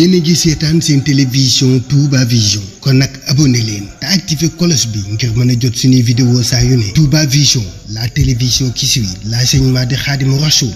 yéen a ngi seetaan seen télévision Touba Vision kon nag abonné leen te activé cloche bi ngir mën a jot suñuy vidéo saa yu ne Touba Vision la télévision qui suit l'enseignement de Khadimou Rassoul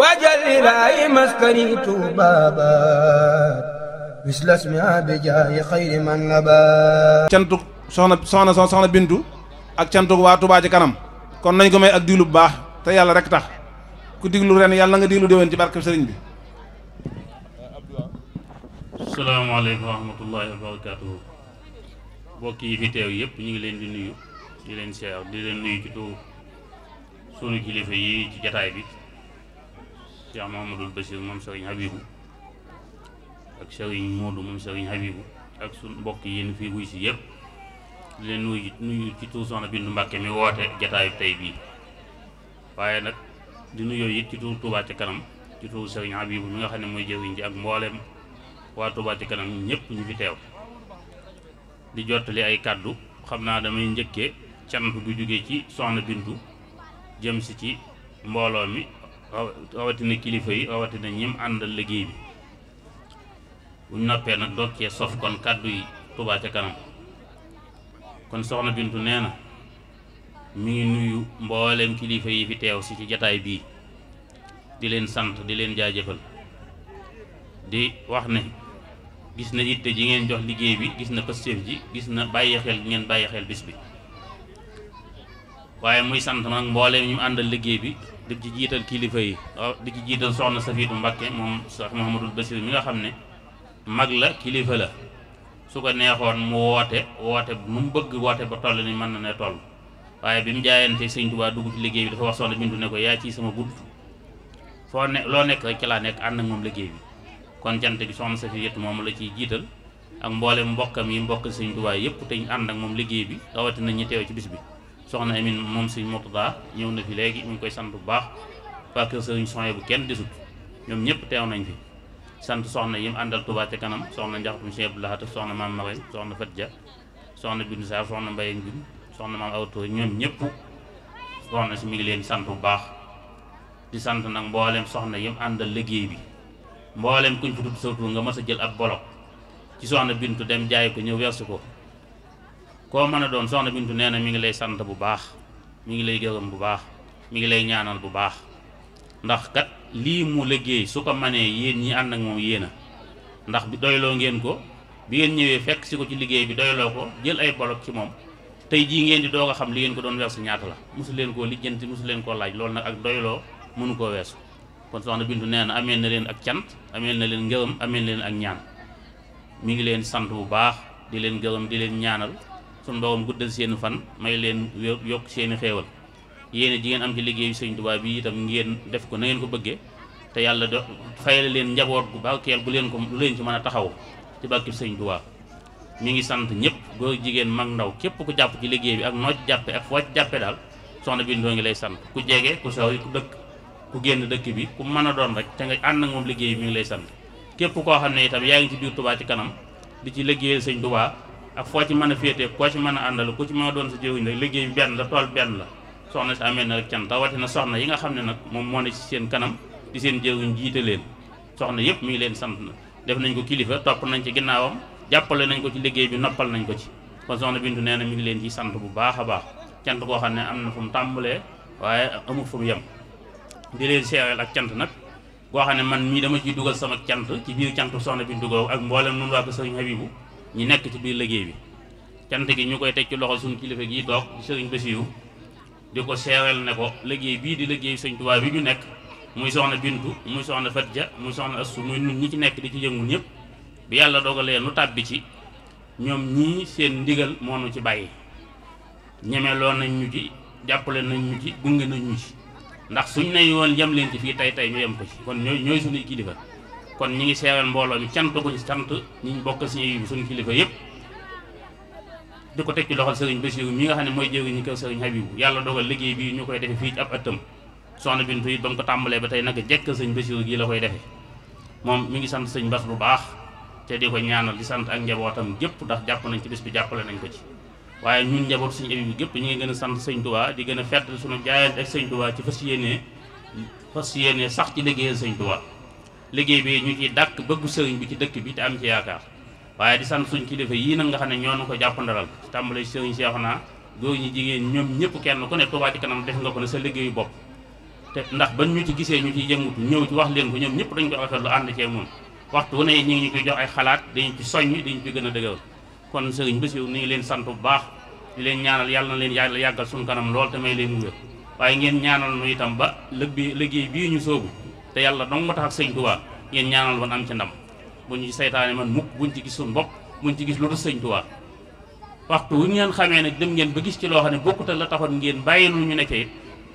wajalilaayi maskani Touba ba bislasmi abijaay xayri man la ba cantuk soxna soxna soxna bintu ak cantuk waa Touba ci kanam kon nañ ko may ak diglu bu baax te yàlla rek tax ku diglu ren yàlla nga diglu dewen ci barke sëriñ bi salaamaaleykum wa rahmatullahi wa barakatuhu mbokk yi fi teew yëpp ñu ngi leen di nuyu di leen seer di leen nuyu ci tuur sunu kilifa yi ci jataay bi Cheikh Mahamadul Bachir moom sëriñ Habibu ak sëriñ Moodu moom sëriñ Habibu ak sunu mbokk yi ñu fi wuy si yëpp di nuyu nuyu ci tuur soxna Bindu Mbàkke mi woote jataayu tey bii waaye nag di nuyu it ci tuur Tuubaa ci kanam ci tuur Sëriñ Abibu mi nga xam ne mooy jëwiñ ji ak mboolem waa Tuubaa ci kanam ñépp ñu fi teew di jottali ay kàddu xam naa damay njëkke cant gu jóge ci soxna Bindu jëm si ci mbooloo mi rawatina kilifa yi rawatina ñim àndal liggéey bi buñ noppee nag dokkee sof kon kàddu yi Tuubaa ca kanam kon soxna Bintu nee na mu ngi nuyu mboolem kilifa yi fi teew si ci jataay bii di leen sant di leen jaajëfal di wax ne gis na it te ji ngeen jox liggéey bi gis na pëstéef ji gis na bàyyi xel gi ngeen bàyyi xel bis bi waaye muy sant nag mbooleem ñu àndal liggéey bi di ci jiital kilifa yi di ci jiital soxna Safiitu Mbakke moom Cheikh Mouhamadul Basir mi nga xam ne mag la kilifa la su ko neexoon mu woote woote nu mu bëgg woote ba toll ni mën na ne toll waaye bi mu jaayante sëñ Tuubaa dugg liggéey bi dafa wax soxna Bintu ne ko yaa ci sama bunt foo ne loo nekk ci laa nekk ànd ak moom liggéey bi kon jant bi soxna sa moom la ciy jiital ak mboolem mbokkam yi mbokk sëñ Tuubaa yëpp te ñu ànd ak moom liggéey bi rawatina ñu teew ci bis bi soxna Amine moom sëñ Murtada ñëw na fi léegi mu ngi koy sant bu baax waa kër sëñ bu kenn desut ñoom ñëpp teew nañ fi sant soxna yi mu àndal Touba ca kanam soxna Njaxatum Cheikh Abdou Lahad soxna maam Marème soxna Fat ja soxna Bindu Sarr soxna Mbaye Ngum soxna maam Awto ñoom ñëpp soxna si mi ngi leen sant bu baax di sant nag mboolem soxna yi mu àndal liggéey bi mboolem kuñ fi tudd sawtu nga mas a jël ab bolo ci soxna Bintu dem jaay ko ñëw wersu ko koo mën a doon soxna Bintu nee na mi ngi lay sant bu baax mu ngi lay gërëm bu baax mi ngi lay ñaanal bu baax ndax kat. lii mu liggéey su ko manee yéen ñi ànd ak moom yéen a ndax bi doyloo ngeen ko bi ngeen ñëwee fekk si ko ci liggéey bi doyloo ko jël ay bolok ci moom tey jii ngeen di doo a xam li ngeen ko doon weesu ñaata la mosu leen koo lijjanti mosu ko laaj loolu nag ak doyloo mënu koo weesu kon soxna bindu nee na ameel na leen ak cant ameel na leen ngërëm amee na leen ak ñaan mu ngi leen sant bu baax di leen gërëm di leen ñaanal su borom guddal seen fan may leen yokk seen i xéewal yéene ji ngeen am ci liggéeyu sëñ Tuubaa bi itam ngeen def ko nangeen ko bëggee te yàlla do fayale leen njaboot gu barkeel bu leen ko lu leen ci mën a taxaw ci barkeb sëñ Tuubaa mu ngi sant ñëpp góor jigéen mag ndaw képp ku jàpp ci liggéey bi ak noo jàppe ak foo jàppe daal soxna Bindoo ngi lay sant ku jege ku sori ku dëkk ku génn dëkk bi ku mën a doon rek te nga ànd ak moom liggéey bi mi ngi lay sant képp koo xam ne itam yaa ngi ci biir tubaa ci kanam di ci liggéeyal sëñ Tuubaa ak foo ci mën koo ci mën a àndal ku ci doon sa jëriñ liggéey bi la tool benn la soxna si amee na rek cant rawatina soxna yi nga xam ne nag moom moo ne ci seen kanam di seen jëwuñ jiite leen soxna yëpp mu ngi leen sant na def nañ ko kilifa topp nañ ci ginnaawam jàppale nañ ko ci liggéey bi noppal nañ ko ci kon soxna Bintu nee na mi ngi leen ci sant bu baax a baax cant koo xam ne am na fu mu tàmbalee waaye amul fu mu yem di leen cant nag koo xam ne man mii dama ciy dugal sama cant ci biir cantu soxna Bintu googu ak mboolem nun waa ko sëriñ Habibu ñu nekk ci biir liggéey bi cant gi ñu koy teg ci loxo suñu di ko seereel ne ko liggéey bii di liggéey sëñ Tuubaa bi ñu nekk muy soxna Bintu muy soxna ja muy soxna Assu muy nun ñi ci nekk di ci yëngu ñëpp bi yàlla dogalee nu tàbbi ci ñoom ñii seen ndigal moo ci bàyyi ñemeloon nañ ñu ci jàppale nañ ñu ci gunge nañ ñu ci ndax suñ nay woon yem leen ci fii tey tey ñu yem ko ci kon ñooy ñooy suñuy kilifa kon ñi ngi seereel mbooloo mi cant ko ci sant ñi ñu bokk suñuy suñu kilifa yëpp di ko teg ci loxol sëriñ Basiiru mi nga xam ne mooy jëriñu kër sëriñ Habibu yàlla dogal liggéey bi ñu koy defe fii ci ab ëttam soxna Bintu it ba mu ko tàmbalee ba tey nag jekk sëñ Basiiru gii la koy defe moom mi ngi sant sëñ Bas bu baax te di ko ñaanal di sant ak njabootam gépp ndax jàpp nañ ci bés bi jàppale nañ ko ci waaye ñun njaboot sëñ Habibu gépp ñu ngi gën sant sëñ Tuubaa di gën a fett suñu jaayante ak sëñ Tuubaa ci fas yéenee fas yéenee sax ci liggéeyal sëñ Tuubaa liggéey bi ñu ciy dàkk bëggu bi ci dëkk bi am ci yaakaar waaye di sant suñ kilifa yii nag nga xam ne ñoo nu ko jàppandalal tàmbale sëriñ Seexuna góor ñi jigéen ñoom ñëpp kenn ku ne Touba ci kanam def nga ko ne sa liggéeyu bopp te ndax ban ñu ci gisee ñu ci yëngutu ñëw ci wax leen ko ñoom ñëpp dañ ko rafetlu ànd cee moom waxtu wu ne ñu ngi ñu koy jox ay xalaat dañu ci soññ dañu ci gën a dëgëral kon sëriñ Bassirou ni ngi leen sant bu baax di leen ñaanal yàlla na leen yàlla yàggal suñu kanam lool te may leen wér waaye ngeen ñaanal nu itam ba lëg bi liggéey bii ñu soobu te yàlla dong ma tax ak sëñ Touba ngeen ñaanal woon am ci bu ñu seytaane man mukk buñ ci gis suñu bopp buñ ci gis lu dul sëñ Tuubaa waxtu wu ngeen xamee nag dem ngeen ba gis ci loo xam ne bokkut la taxoon ngeen bàyyi lu ñu nekkee it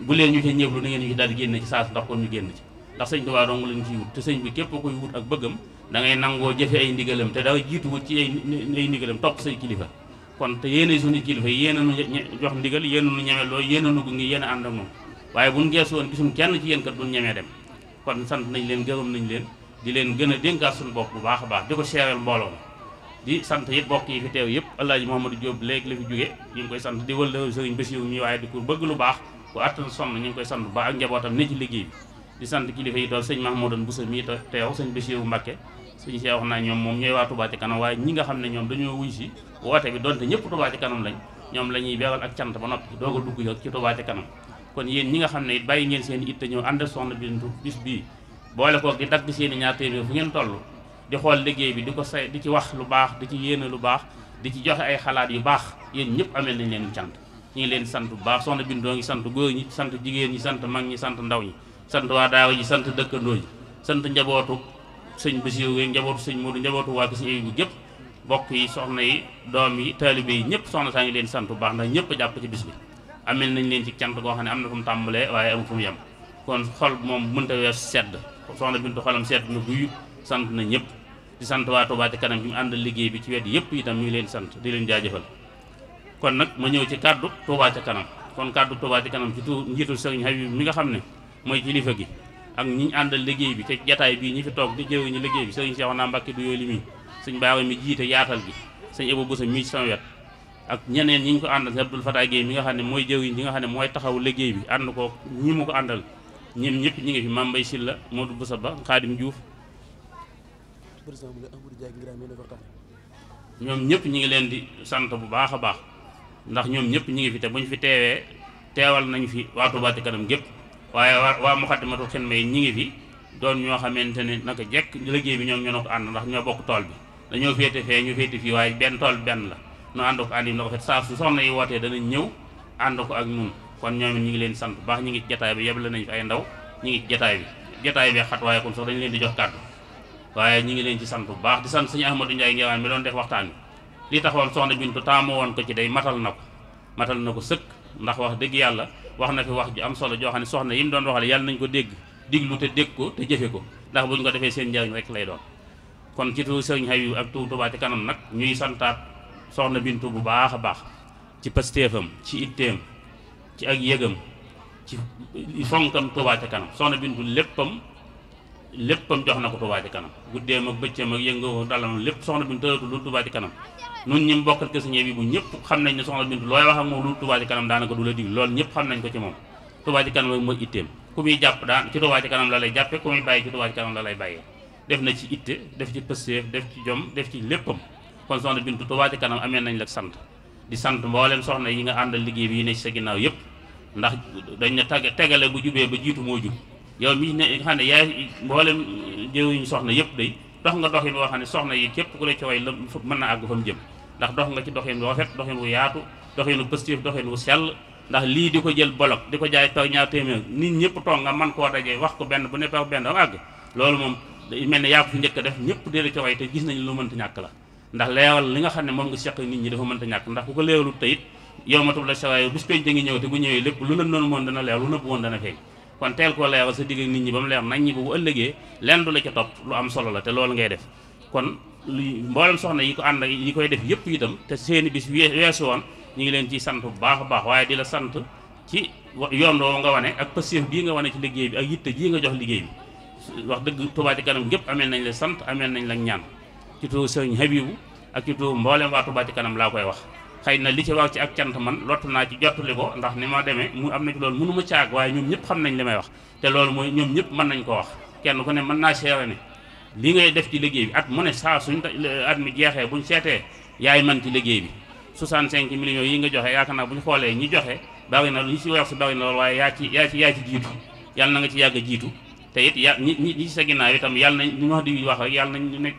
bu leen ñu ca ñëblu na ngeen ñu ci daal di génn ci saas ndax kon ñu génn ci ndax sëñ Tuubaa dong lañ ciy wut te sëñ bi képp koy wut ak bëggam da ngay nangoo jëfe ay ndigalam te da jiitu wut ci ay ndigalam topp say kilifa kon te yéene suñu kilifa yéene nu jox ndigal yéene nu ñeme loolu yéene nu ngi yenn ànd ak moom waaye buñ geesu woon gisuñ kenn ci yéen kat duñ dem kon sant nañ leen gërëm nañ leen di leen gën a dénkaat suñu bopp bu baax a baax di ko seeral mbooloo di sant yëpp bokk yi fi teew yëpp Alaaji Mouhamadou Diop léegi la fi jóge ñu ngi koy sant di wëlda sëriñ Bassirou mi waaye di ko bëgg lu baax ku àttan sonn ñu ngi koy sant bu baax ak njabootam ne ci liggéey bi di sant kilifa yi doon sëñ Mahmoudan Bousso mii teew sëñ Bassirou Mbacké naa ñoom moom ñooy waa Touba ci kanam waaye ñi nga xam ne ñoom dañoo wuy si woote bi donte ñëpp Touba ci kanam lañ ñoom la ñuy beral ak cant ba noppi doog a dugg ci Touba ci kanam boole koog di dagg seeni ñaar téeméer fu ngeen toll di xool liggéey bi di ko say di ci wax lu baax di ci yéene lu baax di ci joxe ay xalaat yu baax yéen ñëpp amel nañ leen cant ñu ngi leen sant bu baax soxna bindoo ngi sant góor ñi sant jigéen ñi sant mag ñi sant ndaw ñi sant waa daawa ji sant dëkkandoo ji sant njabootu sëñ Basiru gi njabootu sëñ Moodu njabootu waa gis yi gépp bokk yi soxna yi doom yi taalibe yi ñëpp soxna saa ngi leen sant bu baax ndax ñëpp jàpp ci bis amee amel leen ci cant goo xam ne am na fu mu tàmbalee waaye am fu mu yam kon xol moom mënta wees sedd soxna Bintu xolam sedd na guyu sant na ñëpp di sant waa Touba ci kanam bi mu àndal liggéey bi ci wet yëpp itam ñu leen sant di leen jaajëfal kon nag ma ñëw ci kàddu Touba ca kanam kon kàddu Touba ci kanam ci tu njiitul sëriñ Habib nga xam ne mooy kilifa gi ak ñi àndal liggéey bi te jataay bii ñi fi toog di jëw ñu liggéey bi sëriñ Cheikhouna Mbacké du yooli mi sëñ Baara mi jiite yaatal gi sëñ Ebo Boussa sama wet ak ñeneen ñi ñu ko ñoom ñëpp ñu ngi fi Mame Mbaye Sylla Modou Boussa Ba Khadim Diouf ñoom ñëpp ñu ngi leen di sant bu baax a baax ndax ñoom ñëpp ñu ngi fi te buñ fi teewee teewal nañu fi waatu Touba Ca Kanam gépp waaye waa mu Moukhaddamatoul Khidma yi ñu ngi fi doon ñoo xamante ne naka jekk liggéey bi ñoom ñoo ko ànd ndax ñoo bokk tool bi dañoo féete fee ñu féete fi waaye benn tool benn la ñu ànd ko ànd yi na ko saa su soxna yi wootee danañ ñëw ànd ko ak ñun kon ñoom ñu ngi leen sant bu baax ñu ngi ci jataay bi yeble nañ fi ay ndaw ñu ngi ci jataay bi jataay bi xat waaye kon sax dañu leen di jox kàddu waaye ñu ngi leen ci sant bu baax di sant suñu Ahmadou Ndiaye Ngewaan mi doon def waxtaan bi li taxoon soxna Bintu taamu woon ko ci day matal na ko matal na ko sëkk ndax wax dëgg yàlla wax na fi wax ju am solo joo xam ne soxna yi mu doon waxale yàlla nañ ko dégg diglu te dégg ko te jëfe ko ndax buñ ko defee seen njariñ rek lay doon kon ci tu sëriñ xay yu ak tu Touba ci kanam nag ñuy santaat soxna Bintu bu baax a baax ci pastéefam ci itteem ci ak yëgam ci fonkam Touba ca kanam soxna Bintu léppam léppam jox na ko Touba ca kanam guddeem ak bëccëm ak yëngoo dalam lépp soxna Bintu tëratu lu Touba ca kanam nun ñi mbokkal ke sañee bi bu ñëpp xam nañ ne soxna Bintu looy wax ak moom lu Touba ca daanaka du la dig lool ñëpp xam nañ ko ci moom Touba ca kanam mooy itteem ku muy jàpp daan ci Touba ca kanam la lay jàppe ku muy bàyyi ci Touba ca kanam la lay bàyyee def na ci itte def ci pësteef def ci jom def ci léppam kon soxna Bintu Touba ca kanam amee nañ la sant di sant mboolem soxna yi nga àndal liggéey bi ne ci sa ginnaaw yëpp ndax dañ ne tag tegale bu jubee ba jiitu moo jub yow mi ne nga xam ne yaay mboolem jëwuñu soxna yëpp day dox nga doxin woo xam ne soxna yi képp ku la ci way la mën na àgg fa ndax dox nga ci doxin wu rafet doxin yaatu doxin wu positif doxin wu sell ndax lii di ko jël bolok di ko jaay taw ñaar téeméer nit ñëpp toog nga man koo dajee wax ko benn bu ne taw benn loolu moom mel ne yaa ko njëkk def ñëpp dee ca ci way te gis nañu lu mënta ñàkk la ndax leewal li nga xam ne moom nga seq nit ñi dafa mënta ñàkk ndax ku ko leewalut tayit yow matul la sawaay bis pénc da nga ñëw te bu ñëwee lépp lu lën noonu moon dana leer lu nëbb woon dana feeñ kon teel koo leeral sa digg nit ñi ba mu leer nañ ñi bu ëllëgee lenn du la ca topp lu am solo la te loolu ngay def kon mboolem soxna yi ko ànd ak yi koy def yëpp itam te seeni bis weesu woon ñu ngi leen ciy sant bu baax a baax waaye di la sant ci yoon woo nga wane ak pasif bii nga wane ci liggéey bi ak yitte jii nga jox liggéey bi wax dëgg Touba Kanam gépp ameel nañ la sant ameel nañ la ñaan ci turu sëñ Habibu ak ci turu mboolem waa Touba Kanam laa koy wax xëy na li ci waaw ci ak cant man lottu naa ci jottali ko ndax ni ma demee mu am na ci loolu mënu ma caag waaye ñoom ñëpp xam nañ li may wax te loolu mooy ñoom ñëpp mën nañ koo wax kenn ko ne mën naa seere ne li ngay def ci liggéey bi at mu ne saa suñ at mi jeexee buñ seetee yaay man ci liggéey bi 65 millions yi nga joxe yaakaar naa bu ñu xoolee ñi joxe bari na lu si wax si bari waaye yaa ci yaa ci jiitu yàlla na nga ci yàgg a jiitu te it ya ñi ñi ci sa ginnaaw itam na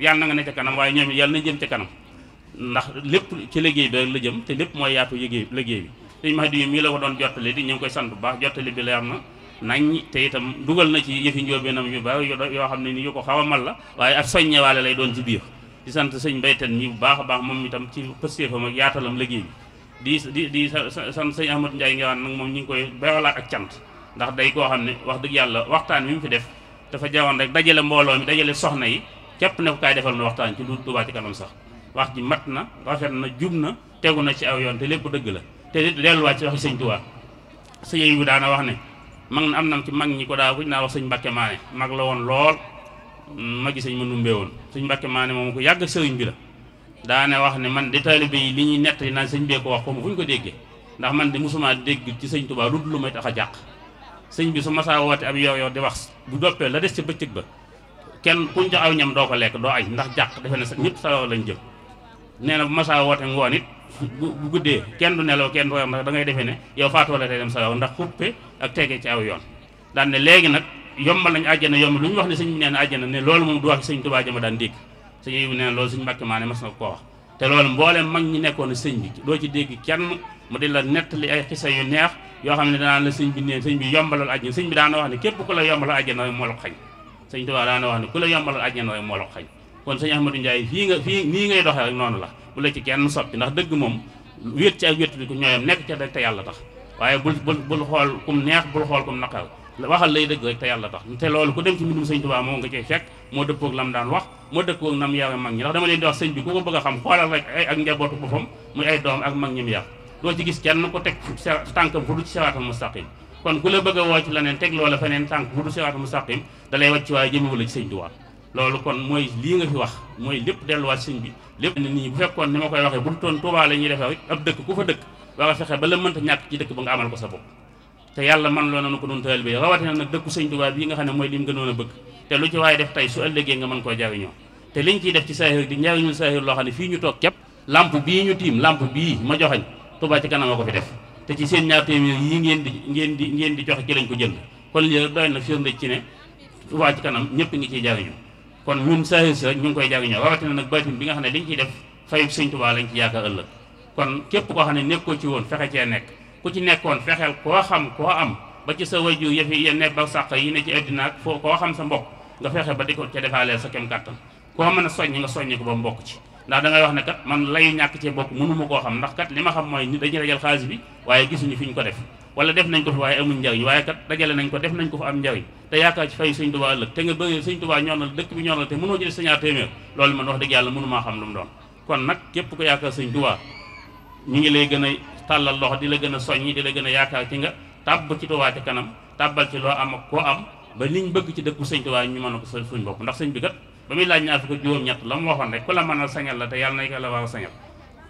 nga ne ca kanam waaye ñoom yàlla nañ jëm ndax lépp ci léggéey bi rek la jëm te lépp mooy yaatu liggéey liggéey bi sëñ Mahdi mii la ko doon jottali di ñu ngi koy sant bu baax jottali bi leer na nañ te itam dugal na ci yëfi njóobeenam yu bari yoo xam ne ni yu ko xaw a mal la waaye ak lay doon ci biir sant sëñ mbayten ñi bu baax a baax moom itam ci pëstéefam ak yaatalam liggéey bi di di di sant sëñ Ahmad Ndiaye Ngewaan nag moom ñu ngi koy beralaat ak cant ndax day koo xam ne wax dëgg yàlla waxtaan wi mu fi def dafa jawoon rek dajale mbooloo mi dajale soxna yi képp ne ko kaay defal na waxtaan ci lu Tuubaa ci kanam sax wax ji mat na rafet na jub na tegu na ci aw yoon te lépp dëgg la te it delluwaat ci waxi sëñ Tuubaa sëñ yi daana wax ne mag na am na ci mag ñi ko daa ko naa wax sëñ Mbàkke Maane mag la woon lool mag magi sëñ Manumbee woon sëñ Mbàkke Maane moom ko yàgg sëriñ bi la daane wax ne man di taalibe yi li ñuy nettali naan sëñ bee ko wax ko mu fu ñu ko déggee ndax man de musuma dégg ci sëñ tubaa lu dul lu may tax a jàq sëñ bi su masaa woote ab yow yow di wax bu doppee la des ci bëccëg ba kenn kuñ jox aw ñam doo ko lekk doo añ ndax jàq defe na ñëpp salaw lañ jëm nee na bu masaa woote ngoon it bu bu guddee kenn du nelaw kenn du yam ndax da ngay defee ne yow faatoo la tey dem sa yow ndax xuppe ak tegee ci aw yoon daan ne léegi nag yombal nañu àjjana lu wax ne sëñ bi nee na àjjana ne loolu moom wax sëñ Tuubaa jama daan dégg sëñ yi nee na loolu suñu ñi nekkoon sëñ bi ci dégg kenn mu di la nettali ay xisa yoo xam ne danaan la sëñ bi bi yombalal àjjana bi daana wax ne képp ku la yombalal àjjana rek moo la xañ sëñ Tuubaa daana wax ne ku la yombalal àjjana rek moo la xañ kon sëñ Ahmadou Ndiaye fii nga fii nii ngay doxee rek noonu la bu la ci kenn soppi ndax dëgg moom wét ci ak wét bi ko ñooyam nekk ca rek te yàlla tax waaye bul bul bul xool kum neex bul xool kum naqar waxal lay dëgg rek te yàlla tax te loolu ku dem ci mbindum sëñ Tuubaa moom nga cay fekk moo dëppoog lam daan wax moo dëppoog nam yare mag ñi ndax dama leen di sëñ bi ku ko bëgg a xam xoolal rek ay ak njabootu boppam muy ay doom ak mag ñi mu ci gis kenn ko teg tànkam fu du ci siraatal mustaqim kon ku la bëgg a woo ci feneen tànk fu du siraatal loolu kon mooy lii nga fi wax mooy lépp delluwaat sëñ bi lépp ne nii bu fekkoon ni ma koy waxee bu toon Tuubaa la ñuy defee ab dëkk ku fa dëkk ba nga fexe ba la mënta ñàkk ci dëkk ba nga amal ko sa bopp te yàlla man loo nanu ko doon taal bi rawatina nag dëkku sëñ Tuubaa bii nga xam ne mooy lim gënoon a bëgg te lu ci waaye def tey su ëllëgee nga mën koo jariñoo te liñ ciy def ci saahir di njariñul saahir loo xam ne fii ñu toog képp lamp bii ñu tiim lamp bii ma joxañ Tuubaa ci kanam ko fi def te ci seen ñaar téeméer ngeen di ngeen di ngeen di joxe ci lañ ko jënd kon li doy na firnde ci ne Tuubaa ci kanam ñëpp ngi ciy jariñu kon moom saahir si rek ñu ngi koy jariñoo rawatina nag baatin bi nga xam ne liñ ciy def fayub sëñ Tuubaa lañ ci yaakaar ëllëg kon képp koo xam ne nekkoo ci woon fexe cee nekk ku ci nekkoon fexeel koo xam koo am ba ci sa wajur yëf yi ne ba sàq yi ne ci àddina foo koo xam sa mbokk nga fexe ba di ko ca defaaleel sa kem kàttan koo mën a soññi nga soññi ko ba mbokk ci ndax da ngay wax ne kat man layu ñàkk cee bokk mënuma koo xam ndax kat li ma xam mooy dañuy dajal xaalis bi waaye gisuñu fi ñu ko def wala def nañ ko fi waaye amuñ njariñ waaye kat dajale nañ ko def nañ ko fa am njariñ te yaakaar ci fay sëñ Tuubaa ëllëg te nga bëggee sëñ Tuubaa ñoo dëkk bi ñoonal te mënoo jël sa ñaar téeméer loolu xam lu mu doon kon nag ko yaakaar sëñ Tuubaa ñu ngi lay gën a tàllal loxo di la gën a soññi di la gën a yaakaar ci nga tàbb ci Tuubaa ca kanam tàbbal ci loo am ak koo am ba liñ bëgg ci dëkku sëñ Tuubaa ñu mën a ko suñ bopp ndax sëñ bi kat ba muy laaj ñaar fukk juróom-ñett la mu waxoon rek ku la mënal sañal la te yàlla na ko la war a sañal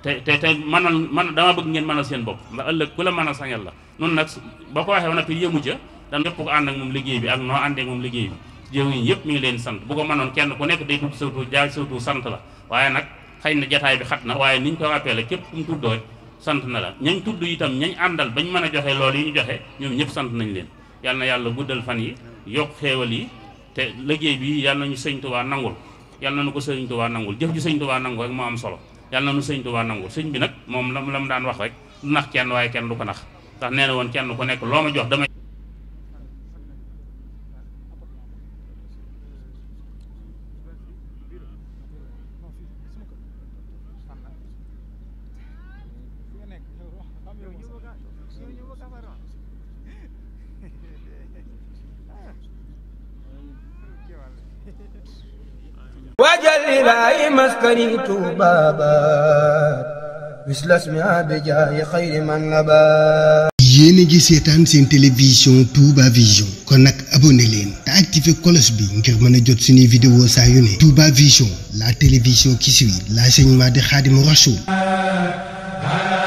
te te te manal man dama bëgg ngeen manal seen bopp ma ëllëg ku la man a sañal la noonu nag ba ko waxee woon nag yëmu ca dana yëpp ko liggéey bi ak noo àndee moom liggéey bi jëwriñ yëpp mi ngi leen sant bu ko mënoon kenn ku nekk day tudd sawtu jaay sawtu sant la waaye nag xëy na jataay bi xat na waaye niñ ko rappelé képp ku mu tuddoo sant na la ñañ tudd itam ñañ àndal ba ñu mën a joxe lool yi ñu joxe ñoom ñëpp sant nañ leen yàlla na yàlla guddal fan yi yokk xéewal yi te liggéey bi yal nañu sëñ Tuubaa nangul yal nañu ko sëñ Tuubaa nangul jëf ji sëñ Tuubaa nangul rek moo am solo yàlla na nu sëñ Tuubaa nangu sëñ bi nag moom la mu daan wax rek du nax kenn waaye kenn du ko nax woon kenn ku nekk loo jox dama wajal ilaahi maskani tubaaba mislas mi abijaay xayri man naba yéen a seetaan seen télévision Touba Vision nag abonné leen te activé cloche bi ngir mën jot suñuy vidéo saa yu ne Touba Vision la télévision qui suit l'enseignement de Khadimou Rassoul